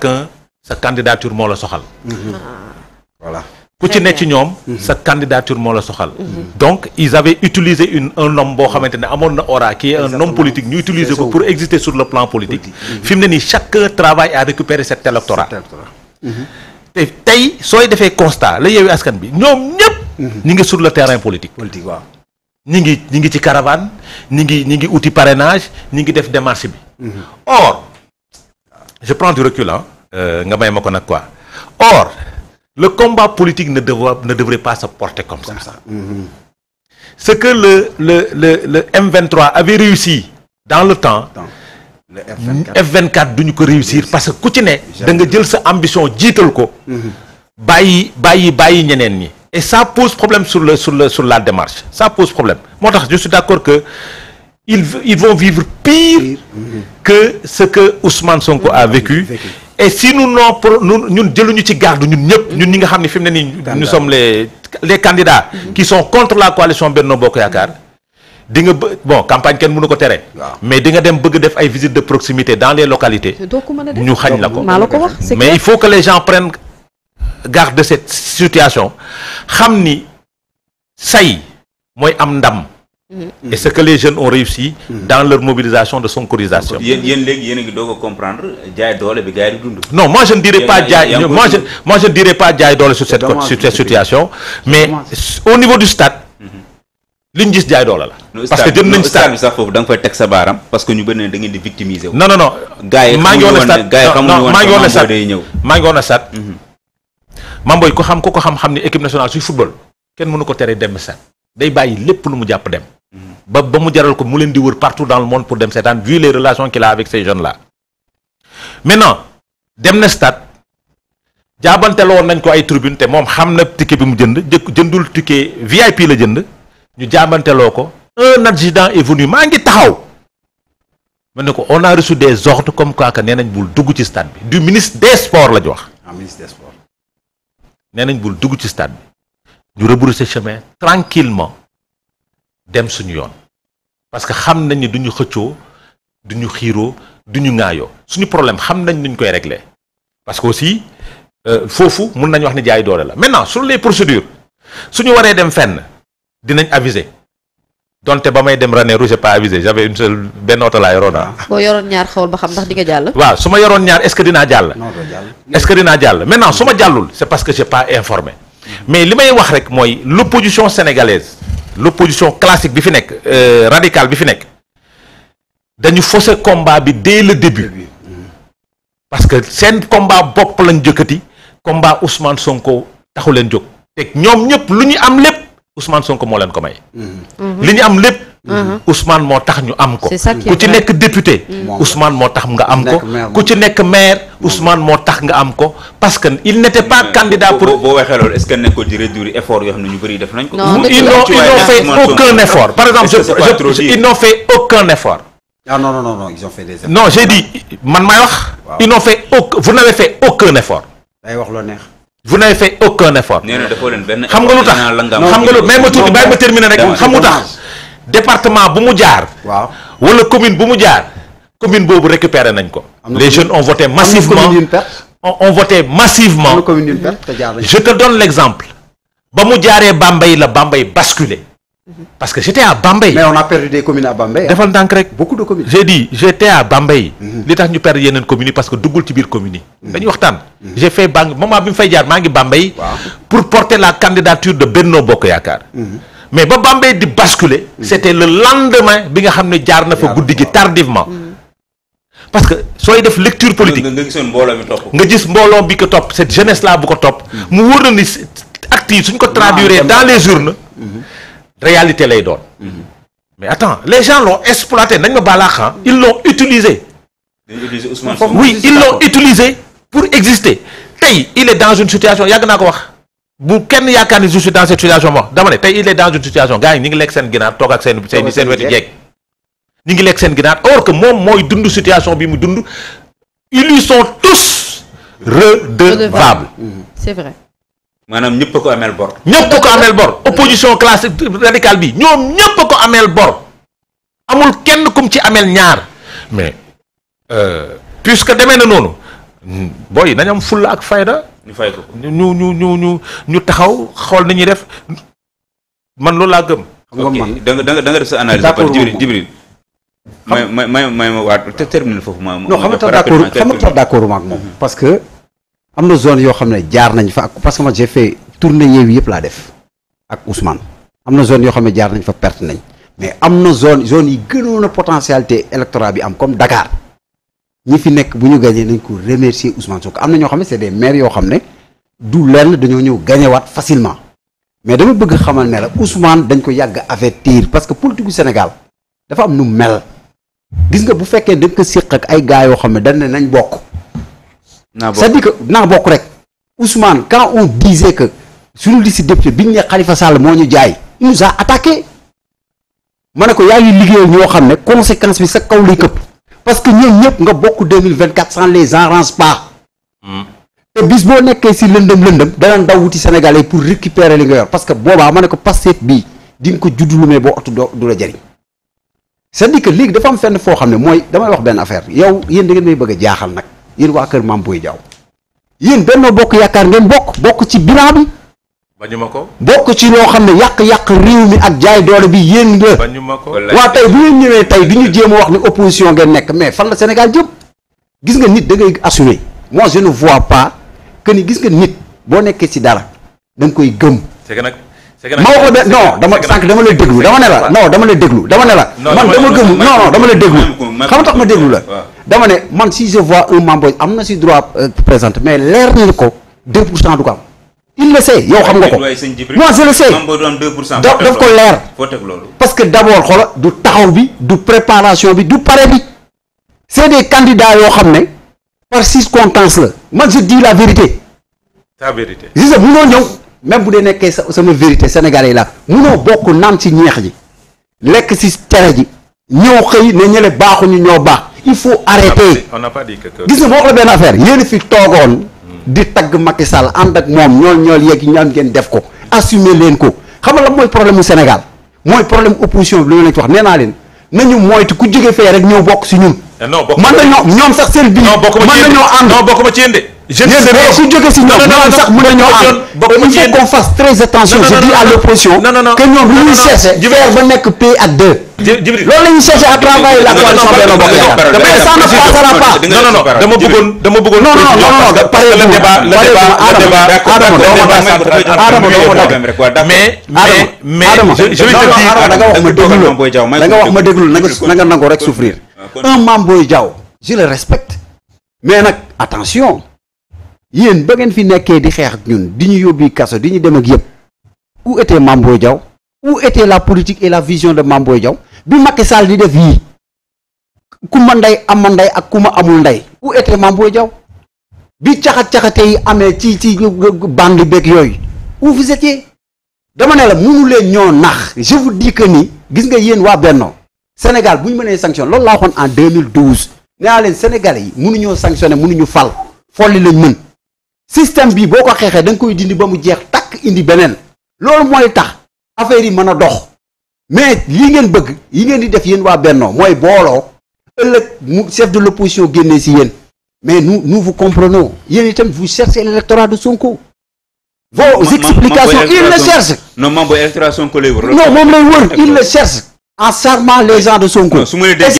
que candidature moo la soxal. voilà ku ci ne ci ñoom. sa candidature moo la soxal. Mm-hmm. Mm-hmm. Mm-hmm. donc ils avaient utilisé une un nom boo xamante ne amoon na aura qui est un homme politique ñu utiliser ko pour exister sur le plan politique. fi mu ne nii chacun travaille à récupérer cet électorat. te tey sooy defee constat la yeewi askan bi ñoom ñëpp. ñu ngi sur le terrain politique. politique waaw ñi ngi ñi ngi ci caravane ñi ngi ñi ngi uti parrainage ñi ngi def démarche bi. je prends du recul ah nga may ma ko nag quoi or le combat politique ne devra ne devrait pas se porter comme, comme ça. Mm-hmm. Ce que le le le le M23 avait réussi dans le temps. Dans le F24 F24 ko réussir parce que ku ci ne. da nga jël sa ambition jiital ko. Mm-hmm. bàyyi bàyyi bàyyi ñeneen ñi. et ça pose problème sur sur le sur la démarche ça pose problème moo tax je suis d'accord que ils ils vont vivre pire. Mm-hmm. que ce que Ousmane Sonko a vécu et si nous non ñun jëlu ñu ci garde ñun ñëpp mm-hmm. ñun ñi nga xam ne fi ne nii nous sommes les les candidats mm-hmm. qui sont contre la coalition Benno Bokk Yaakaar di nga bë bon campagne kenn mënu ko tere mais di nga dem bëgg def ay visites de proximité dans les localités ñu xañ la ko mais il faut que les gens prennent garde de cette situation xam ni say mooy am ndam Mm-hmm. et ce que les jeunes ont réussi mm-hmm. dans leur mobilisation de sonkorisation yéen yéen léegi yéen a ngi a comprendre jaay doole bi gars yi di sur cette situation mais au niveau du stade li ñu gis jaay doole la parce que jëm nañ stade bi sax foofu da nga fay teg sa baaram parce que ñu bëri ne da ngeen di victimiser non non non gars yi maa xamuñu woon maa stade mhm. Mamboy ko xam ko ko xam-xam ni équipe nationale suy football kenn mënu ko tere dem stade day bàyyi lépp lu mu jàpp de ba ba mu jaral ko mu leen di wër partout dans le monde pour dem seetaan vu les relations qu'il a avec ces jeunes là maintenant dem na stade jaabanteel woon nañ ko ay tribune te moom xam na ticket bi mu jënd jëkk jëndul ticket VIP la jënd ñu jaabanteeloo ko un adjudant est maa ngi taxaw ma ne ko on a reçu des ordres comme quoi que nee nañ bul dugg ci stade bi du ministre des sports la ñu wax. ah ministre nee nañ bul dugg ci stade bi ñu rebrousser chemin tranquillement dem suñu yoon parce que xam nañ ni duñu xëccoo duñu xiiroo duñu ŋaayoo suñu problème xam nañ nuñ koy regle parce que aussi euh, foofu mun nañu wax ni jaay doole la maintenant sur les procédures suñu waree dem fenn dinañ aviser donte ba may dem Ranérou j'ai pas avisé j'avais une seule benn oto laa yoroon ah. boo yoroon ñaar xawal ba xam ndax di nga jàll. waaw su ma yoroon ñaar est-ce que dinaa jàll. est-ce que dinaa jàll maintenant su ma jàllul c'est parce que j'ai pas informé mm-hmm. mais li may wax rek mooy l'opposition sénégalaise. l'opposition classique bi fi nekk euh, radicale bi fi nekk dañu fose combat bi dès le début mm. parce que seen combat bopp lañ jëkkati combat Ousmane Sonko taxu leen jóg teg ñoom ñëpp lu ñu am lépp Ousmane Sonko moo leen ko may. Mm. Mm-hmm. li ñu am lépp Uh-huh. Ousmane moo tax ñu am ko. ku ci nekk député. Ousmane moo tax nga am ko. ku ci nekk maire Ousmane moo tax nga am ko parce que il n'était pas candidat pour. boo waxee loolu est-ce di réduire effort ñu bëri def nañ ko. non fait aucun effort par exemple je ils n'ont fait aucun effort. Ah, man may wax. ils n'ont fait aucun vous n'avez fait aucun effort. day wax loo neex. vous fait aucun effort. xam nga lu tax xam nga lu mais ma tuuti bàyyi ma terminer rek xam lu tax. département bu mu jaar. waaw wala commune bu mu jaar commune boobu récupéré nañ ko. les jeunes ont voté massivement ont voté massivement. je te donne l'exemple ba mu jaaree Bambey la Bambey basculé. Mhm. parce que j'étais à Bambey. a perdu des communes à Bambey. defal ndànk rek beaucoup de communes. j'ai dit j'étais mhm. li tax ñu perdre yeneen communes parce que duggul ci biir commune yi. dañuy mhm. waxtaan. j'ai fait bang moment bi mu fay jaar maa ngi Bambey. pour porter la candidature de Benno Bokk Yaakaar. mais ba Bambey di basculer c'était le lendemain bi nga xam ne jaar na fa guddi gi tardivement mm. parce que sooy def lecture politique nga gis mbooloo mi topp nga gis mbooloo bi ko topp cette jeunesse là bu ko topp mm. mu wóor na ni active yi suñ ko traduire dans les urnes mm-hmm. réalité lay doon mm-hmm. mais attends les gens l'ont exploité nañ ma baalaaxan ils l'ont utilisé oui ils l'ont utilisé pour exister tey il est dans une situation yàgg naa ko wax bu kenn yaakaar ni je suis dans cette situation bon dama ne tey il est dans une situation gars yi ñu ngi lekk seen ginaar toog ak seen seen seen wetu jeeg ñu ngi lekk seen ginaar or que moom mooy dund situation bi mu dund ils lui sont tous redevables. Mhm. c'est vrai. maanaam ñëpp a ko ameel bor. ñëpp a ko ameel bor opposition classe radicale bi ñoom ñëpp a ko ameel bor amul kenn kum ci ameel ñaar mais euh, puisque demee na noonu booy nañ am fulla ak fayda. ñu fay ko ñu ñu ñu ñu ñu taxaw xool nañuy def man loolu laa gëm. ok da nga da nga def sa analyse. d' accord jibril jibril may may may may ma waat te terminer foofu ma. non xam nga tax d' accord xam nga tax d' accord ma ak moom. Mhm. parce que am na zone yoo xam ne jaar nañ fa ak parce que man j' ai fait tournée yeewu yëpp laa def ak Ousmane am na zone yoo xam ne jaar nañ fa perte nañ mais am na zone zone yi gënoon a potentialité électorat bi am comme Dakar. ñi fi nekk bu ñu gagné nañ ko remercier Ousmane Sonko am na ñoo xam ne c'est des yoo xam ne du lenn dañoo ñëw gañewaat waat facilement mais dama bëgg xamal ne la Ousmane dañ ko yàgg avertir parce que politique gu Sénégal dafa am nu mel gis nga bu fekkee dañ ko siq ak ay gars yoo xam ne dañ ne nañ bokk. naa bokk c'est-à-dire que naa bokk rek Ousmane quand on disait que suñu liste député biñ ne Khalifa Sall moo ñu jaay il nous a attaqué ma ne ko yaa ngi liggéeyal ñoo xam ne conséquence bi sa kaw lay këpp. parce que ñoom ñëpp nga bokk 2024 sans les arrange pas. Hmm. te bis boo nekkee si lëndëm lëndëm danaan daw wuti Sénégalais pour récupérer li nga yor parce que boobaa ma ne ko Pastef bii di nga ko juddlu mais boo otu du la jëriñ c'est-à-dire que dafa am fenn foo xam ne mooy damay wax benn affaire yow yéen da ngeen may bëgg jaaxal nag yéen waa kër Mame Boye Diao yéen Benno Bokk Yaakaar ngeen bokk bokk ci bilan bi bañuma ko bokk ci ñoo xam ne yàq-yàq réew mi ak jaay doole bi yéen la. bañuma ko waa tey bu ngeen ñëwee tey du ñu jéem a wax ni opposition nga nekk mais fan la Sénégal jëm gis nga nit da ngay assumer moi je ne vois pas que ni gis nga nit boo nekkee ci dara da nga koy gëm. ma ko de non dama sànq dama lay déglu dama ne la non dama la déglu dama ne la man dama gëm non non dama lay déglu xam tax ma déglu la dama ne man si je vois un membre am na si droit euh, présente mais leer nañu ko deux pour cent ko am il le sait yow xam nga ko moi je le sais daf ko leer parce que d'abord xoola du taxaw bi du préparation bi du pare bi c'est des candidats yoo xam ne par circonstance la man je dis la vérité ta vérité juste ñëw même bu dee nekkee sama vérité sénégalais yi la munoo bokk naan ci ñeex yi lekk ci cere ji ñëw xëy ne ñële baaxuñu ñoo baax il faut arrêter gis nga ma wax la benn affaire yéen fi toogoon di tagg Macky Sall ànd ak moom ñool ñool yeeg ñu geen def ko assumer leen ko xam nga la mooy problème mu Sénégal mooy problème opposition bi lu ma leen ci wax nee naa leen nañu moytu ku jóge fee rek ñëw bokk si ñun. Eh non bokk man nañoo ñoom sax seen biir. non bokk ma ci yéen de man bokk ma ci yéen je ne sais pas su jógee si ñoom sax mën nañoo am il faut qu'on fasse très attention je dis à l'opposition que ñoom lu ñuy cherché faire ba nekk P ak 2 loolu la ñuy cherché à travailler la coalition Benno Bokk Yaakaar mais ça ne passera pas non non dama bëggoon dama bëggoon non non le débat le débat mais mais je vais te dire da nga wax ma déglu da nga wax ma déglu na nga nangu rek souffrir un Mame Boye Diao je le respecte mais nag attention yéen ba ngeen fi nekkee di xeex ak ñun di ñu yóbbi kaso di ñu dem ak yëpp où était Mame Boye Diao où était la politique et la vision de Mame Boye Diao bi Macky Sall di def yii ku ma ndey am ma ndey ak ku ma amul ndey u était Mame Boye Diao bi caxat-caxate yi amee ci ci bande beeg yooyu où vous étiez dama ne la mënu leen ñoo nax je vous dis que ni gis nga yéen waa Benno Sénégal bu ñu mënee sanction loolu laa waxoon en 2012 nee naa leen Sénégalais yi mënuñoo sanctionné mënuñu fal folli lañ mën système bi boo ko xeexee da koy dindi ba mu jeex takk indi beneen loolu mooy tax affaire yi mën a dox mais li ngeen bëgg yi ngeen di def yéen waa bennoo mooy booloo ëllëg mu chef de l'opposition génnee si yéen mais nous nous vous comprenons yéen itam vous cherchez l'électorat de Sonko vos explications il le cherche non moom booy électorat Sonko lay wër non moom lay wër il le cherche en charmant les gens de Sonko